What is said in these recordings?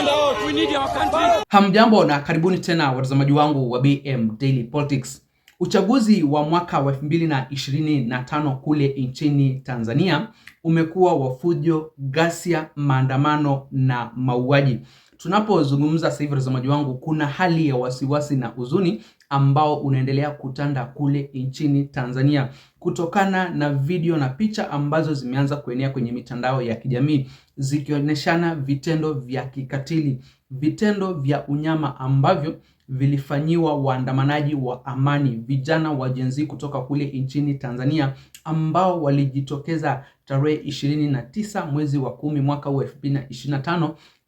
Oh, Hamjambo na karibuni tena watazamaji wangu wa BM Daily Politics. Uchaguzi wa mwaka wa 2025 kule nchini Tanzania umekuwa wa fujo, ghasia, maandamano na mauaji. Tunapozungumza sasa hivi watazamaji wangu, kuna hali ya wasiwasi na huzuni ambao unaendelea kutanda kule nchini Tanzania kutokana na video na picha ambazo zimeanza kuenea kwenye mitandao ya kijamii zikionyeshana vitendo vya kikatili, vitendo vya unyama ambavyo vilifanyiwa waandamanaji wa amani, vijana wa Gen Z kutoka kule nchini Tanzania ambao walijitokeza tarehe 29 mwezi wa kumi mwaka huu elfu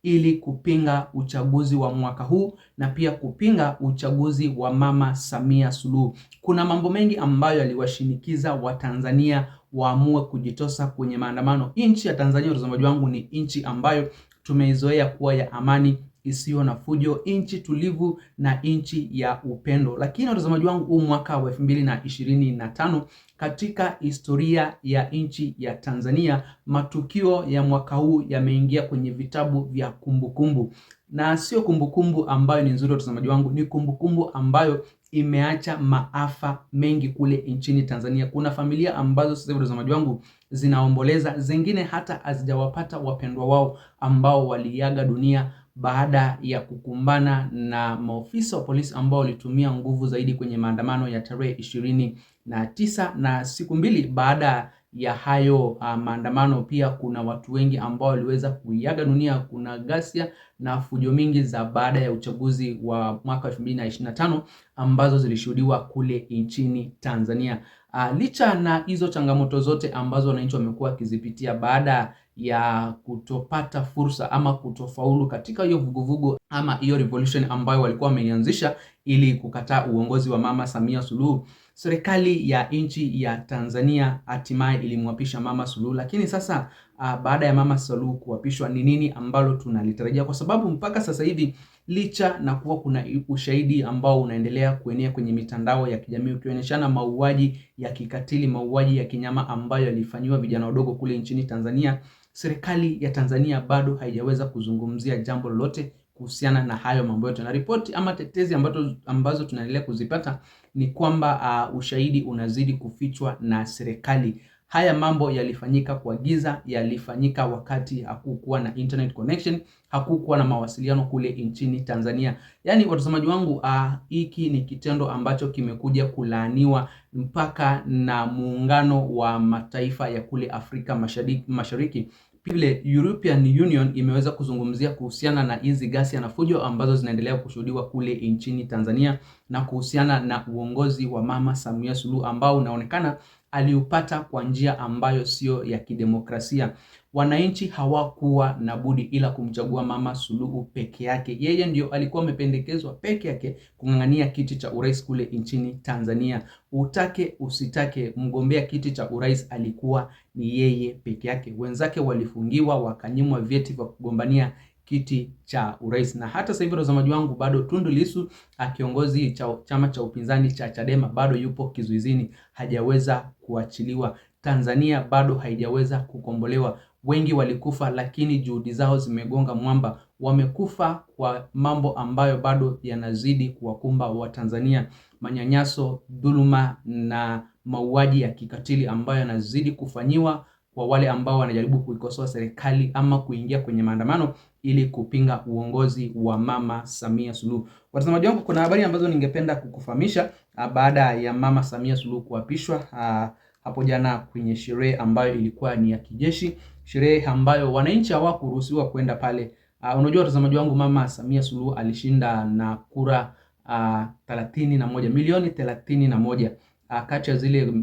ili kupinga uchaguzi wa mwaka huu na pia kupinga uchaguzi wa Mama Samia Suluhu. Kuna mambo mengi ambayo aliwashinikiza Watanzania waamue kujitosa kwenye maandamano. Nchi ya Tanzania, watazamaji wangu, ni nchi ambayo tumeizoea kuwa ya amani isiyo na fujo, nchi tulivu na nchi ya upendo. Lakini watazamaji wangu, huu mwaka wa elfu mbili na ishirini na tano katika historia ya nchi ya Tanzania, matukio ya mwaka huu yameingia kwenye vitabu vya kumbukumbu kumbu. Na sio kumbukumbu ambayo ni nzuri, watazamaji wangu, ni kumbukumbu kumbu ambayo imeacha maafa mengi kule nchini Tanzania. Kuna familia ambazo sasa, watazamaji wangu, zinaomboleza, zingine hata hazijawapata wapendwa wao ambao waliaga dunia baada ya kukumbana na maofisa wa polisi ambao walitumia nguvu zaidi kwenye maandamano ya tarehe ishirini na tisa na siku mbili baada ya hayo uh, maandamano pia kuna watu wengi ambao waliweza kuiaga dunia. Kuna ghasia na fujo mingi za baada ya uchaguzi wa mwaka 2025 ambazo zilishuhudiwa kule nchini Tanzania. Uh, licha na hizo changamoto zote ambazo wananchi wamekuwa wakizipitia baada ya kutopata fursa ama kutofaulu katika hiyo vuguvugu ama hiyo revolution ambayo walikuwa wameianzisha ili kukataa uongozi wa Mama Samia Suluhu. Serikali ya nchi ya Tanzania hatimaye ilimwapisha Mama Suluhu, lakini sasa uh, baada ya Mama Suluhu kuapishwa, ni nini ambalo tunalitarajia? Kwa sababu mpaka sasa hivi licha na kuwa kuna ushahidi ambao unaendelea kuenea kwenye mitandao ya kijamii ukionyeshana mauaji ya kikatili, mauaji ya kinyama ambayo yalifanyiwa vijana wadogo kule nchini Tanzania serikali ya Tanzania bado haijaweza kuzungumzia jambo lolote kuhusiana na hayo mambo yote, na ripoti ama tetezi ambazo, ambazo tunaendelea kuzipata ni kwamba uh, ushahidi unazidi kufichwa na serikali Haya mambo yalifanyika kwa giza, yalifanyika wakati hakukuwa na internet connection, hakukuwa na mawasiliano kule nchini Tanzania. Yaani watazamaji wangu, ah, hiki ni kitendo ambacho kimekuja kulaaniwa mpaka na muungano wa mataifa ya kule Afrika Mashariki, Mashariki. Vile European Union imeweza kuzungumzia kuhusiana na hizi ghasia na fujo ambazo zinaendelea kushuhudiwa kule nchini Tanzania na kuhusiana na uongozi wa Mama Samia Suluhu ambao unaonekana aliupata kwa njia ambayo siyo ya kidemokrasia. Wananchi hawakuwa na budi ila kumchagua Mama Suluhu peke yake. Yeye ndio alikuwa amependekezwa peke yake kung'ang'ania kiti cha urais kule nchini Tanzania. Utake usitake, mgombea kiti cha urais alikuwa ni yeye peke yake. Wenzake walifungiwa, wakanyimwa vyeti vya kugombania kiti cha urais. Na hata sasa hivi watazamaji wangu, bado Tundu Lissu akiongozi cha, chama cha upinzani cha Chadema bado yupo kizuizini, hajaweza kuachiliwa. Tanzania bado haijaweza kukombolewa. Wengi walikufa, lakini juhudi zao zimegonga mwamba. Wamekufa kwa mambo ambayo bado yanazidi kuwakumba Watanzania, manyanyaso, dhuluma na mauaji ya kikatili ambayo yanazidi kufanyiwa wa wale ambao wanajaribu kuikosoa serikali ama kuingia kwenye maandamano ili kupinga uongozi wa Mama Samia Suluhu. Watazamaji wangu, kuna habari ambazo ningependa kukufahamisha ah, baada ya Mama Samia Suluhu kuapishwa ah, hapo jana kwenye sherehe ambayo ilikuwa ni ya kijeshi, sherehe ambayo wananchi hawakuruhusiwa kwenda pale. Uh, unajua watazamaji wangu, Mama Samia Suluhu alishinda na kura uh, thelathini na moja milioni thelathini na moja uh, kati ya zile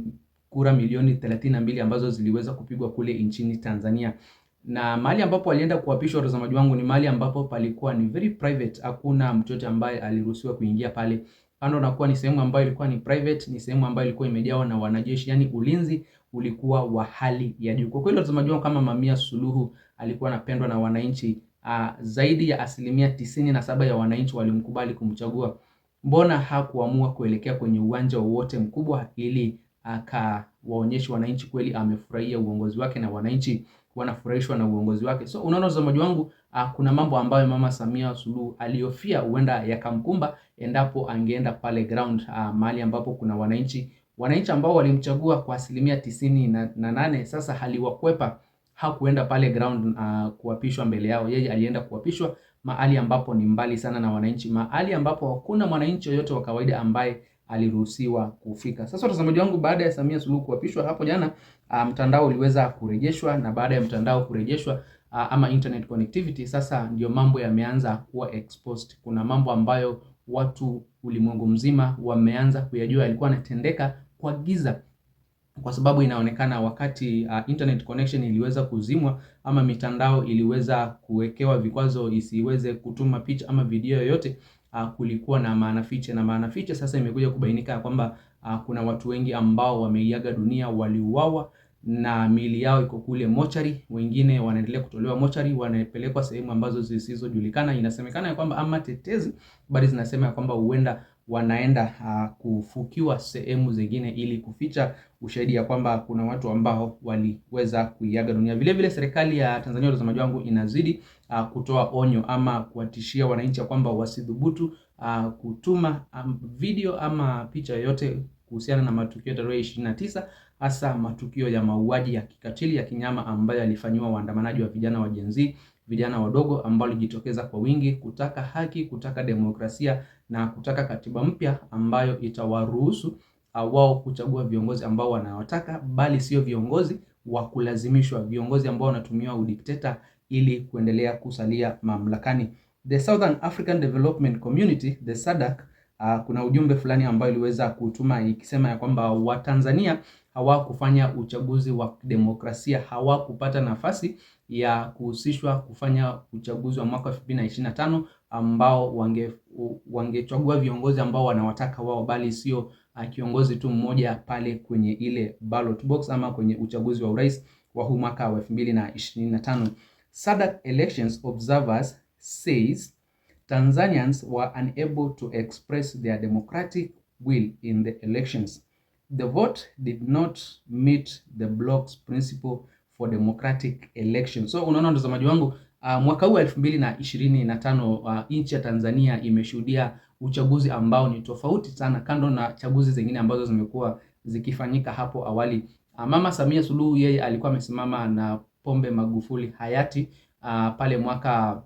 kura milioni 32 ambazo ziliweza kupigwa kule nchini Tanzania na mahali ambapo alienda kuapishwa, watazamaji wangu, ni mahali ambapo palikuwa ni very private. Hakuna mtu yote ambaye aliruhusiwa kuingia pale, kando na kuwa ni sehemu ambayo ilikuwa ni private, ni sehemu ambayo ilikuwa imejawa na wanajeshi, yani ulinzi ulikuwa wa hali ya juu kwa kweli, watazamaji wangu, kama Mamia Suluhu alikuwa anapendwa na wananchi uh, zaidi ya asilimia tisini na saba ya wananchi walimkubali kumchagua. Mbona hakuamua kuelekea kwenye uwanja wowote mkubwa ili akawaonyesha wananchi kweli amefurahia uongozi wake na wananchi wanafurahishwa na uongozi wake. So unaona watazamaji wangu, uh, kuna mambo ambayo Mama Samia Suluhu aliyofia huenda yakamkumba endapo angeenda pale ground, uh, mahali ambapo kuna wananchi wananchi ambao walimchagua kwa asilimia tisini na, na nane. Sasa haliwakwepa hakuenda pale ground uh, kuapishwa mbele yao. Yeye alienda kuapishwa mahali ambapo ni mbali sana na wananchi, mahali ambapo hakuna mwananchi yoyote wa kawaida ambaye aliruhusiwa kufika. Sasa watazamaji wangu, baada ya Samia Suluhu kuapishwa hapo jana, ah, mtandao uliweza kurejeshwa, na baada ya mtandao kurejeshwa ah, ama internet connectivity, sasa ndio mambo yameanza kuwa exposed. Kuna mambo ambayo watu ulimwengu mzima wameanza kuyajua yalikuwa yanatendeka kwa giza kwa sababu inaonekana wakati uh, internet connection iliweza kuzimwa ama mitandao iliweza kuwekewa vikwazo isiweze kutuma picha ama video yoyote, uh, kulikuwa na maana fiche na maana fiche sasa imekuja kubainika kwamba uh, kuna watu wengi ambao wameiaga dunia, waliuawa na miili yao iko kule mochari, wengine wanaendelea kutolewa mochari, wanapelekwa sehemu ambazo zisizojulikana. Inasemekana ya kwamba ama tetezi, bali zinasema ya kwamba huenda wanaenda uh, kufukiwa sehemu zingine ili kuficha ushahidi ya kwamba kuna watu ambao waliweza kuiaga dunia. Vile vile serikali ya Tanzania, watazamaji wangu, inazidi uh, kutoa onyo ama kuwatishia wananchi kwamba wasidhubutu uh, kutuma um, video ama picha yoyote kuhusiana na matukio ya tarehe 29 hasa matukio ya mauaji ya kikatili ya kinyama ambayo yalifanyiwa waandamanaji wa vijana wa Gen Z vijana wadogo ambao walijitokeza kwa wingi kutaka haki, kutaka demokrasia na kutaka katiba mpya ambayo itawaruhusu ah, wao kuchagua viongozi ambao wanawataka, bali sio viongozi wa kulazimishwa, viongozi ambao wanatumia udikteta ili kuendelea kusalia mamlakani. The Southern African Development Community, the SADC, uh, kuna ujumbe fulani ambao iliweza kutuma ikisema ya kwamba Watanzania hawakufanya uchaguzi wa demokrasia, hawakupata nafasi ya kuhusishwa kufanya uchaguzi wa mwaka 2025 ambao wange wangechagua viongozi ambao wanawataka wao, bali sio ah, kiongozi tu mmoja pale kwenye ile ballot box ama kwenye uchaguzi wa urais wa huu mwaka wa 2025. SADC elections observers says Tanzanians were unable to express their democratic will in the elections. The vote did not meet the bloc's principle for democratic election. So unaona mtazamaji wangu Uh, mwaka huu elfu mbili na ishirini na tano uh, nchi ya Tanzania imeshuhudia uchaguzi ambao ni tofauti sana, kando na chaguzi zingine ambazo zimekuwa zikifanyika hapo awali. Uh, Mama Samia Suluhu yeye alikuwa amesimama na Pombe Magufuli hayati uh, pale mwaka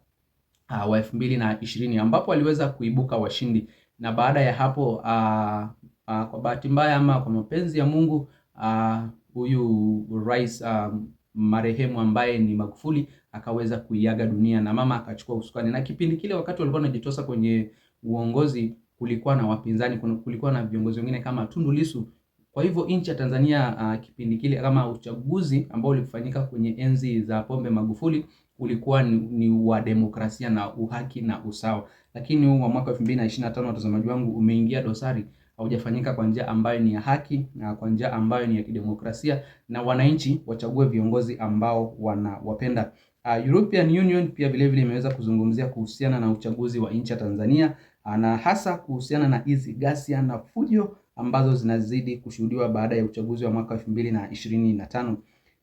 uh, wa elfu mbili na ishirini ambapo aliweza kuibuka washindi, na baada ya hapo uh, uh, kwa bahati mbaya ama kwa mapenzi ya Mungu uh, huyu uh, rais uh, marehemu ambaye ni Magufuli akaweza kuiaga dunia na mama akachukua usukani. Na kipindi kile wakati walikuwa wanajitosa kwenye uongozi, kulikuwa na wapinzani, kulikuwa na viongozi wengine kama Tundu Lissu. Kwa hivyo nchi ya Tanzania uh, kipindi kile kama uchaguzi ambao ulifanyika kwenye enzi za Pombe Magufuli ulikuwa ni, ni wa demokrasia na uhaki na usawa, lakini huu wa mwaka 2025 watazamaji wangu umeingia dosari haujafanyika kwa njia ambayo ni ya haki na kwa njia ambayo ni ya kidemokrasia, na wananchi wachague viongozi ambao wanawapenda. Uh, ah, European Union pia vilevile imeweza kuzungumzia kuhusiana na uchaguzi wa nchi ya Tanzania uh, na hasa kuhusiana na hizi ghasia na fujo ambazo zinazidi kushuhudiwa baada ya uchaguzi wa mwaka 2025.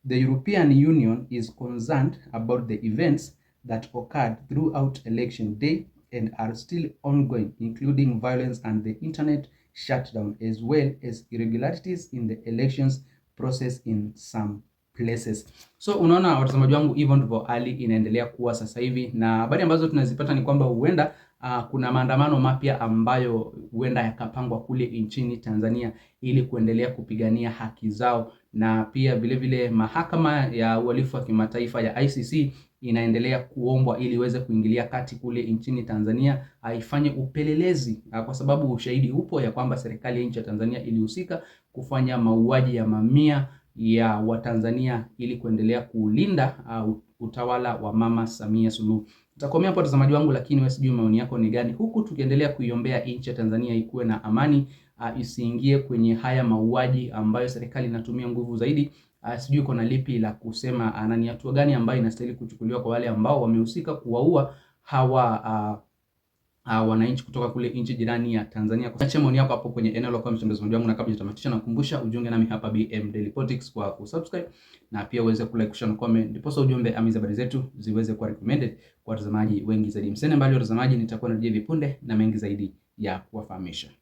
The European Union is concerned about the events that occurred throughout election day and are still ongoing including violence and the internet shutdown as well as irregularities in the elections process in some places. So unaona watazamaji wangu, hivyo ndivyo hali inaendelea kuwa sasa hivi, na habari ambazo tunazipata ni kwamba huenda uh, kuna maandamano mapya ambayo huenda yakapangwa kule nchini Tanzania ili kuendelea kupigania haki zao, na pia vilevile mahakama ya uhalifu wa kimataifa ya ICC inaendelea kuombwa ili iweze kuingilia kati kule nchini Tanzania, aifanye ah, upelelezi ah, kwa sababu ushahidi upo ya kwamba serikali ya nchi ya Tanzania ilihusika kufanya mauaji ya mamia ya Watanzania ili kuendelea kulinda utawala wa Mama Samia Suluhu. Takomea hapo watazamaji wangu, lakini wewe sijui maoni yako ni gani, huku tukiendelea kuiombea nchi ya Tanzania ikuwe na amani, uh, isiingie kwenye haya mauaji ambayo serikali inatumia nguvu zaidi. Uh, sijui kona lipi la kusema, uh, na ni hatua gani ambayo inastahili kuchukuliwa kwa wale ambao wamehusika kuwaua hawa uh, uh, wananchi kutoka kule nchi jirani ya Tanzania. Acha maoni yako hapo kwenye eneo la comments, mtazamaji wangu, na kabla na nakumbusha ujiunge nami hapa BM Daily Politics kwa kusubscribe na pia uweze ku like, kushare na comment, ndipo sasa ujumbe ama habari zetu ziweze kuwa recommended kwa watazamaji wengi zaidi. Msene mbali watazamaji, nitakuwa narejea vipunde na mengi zaidi ya kuwafahamisha.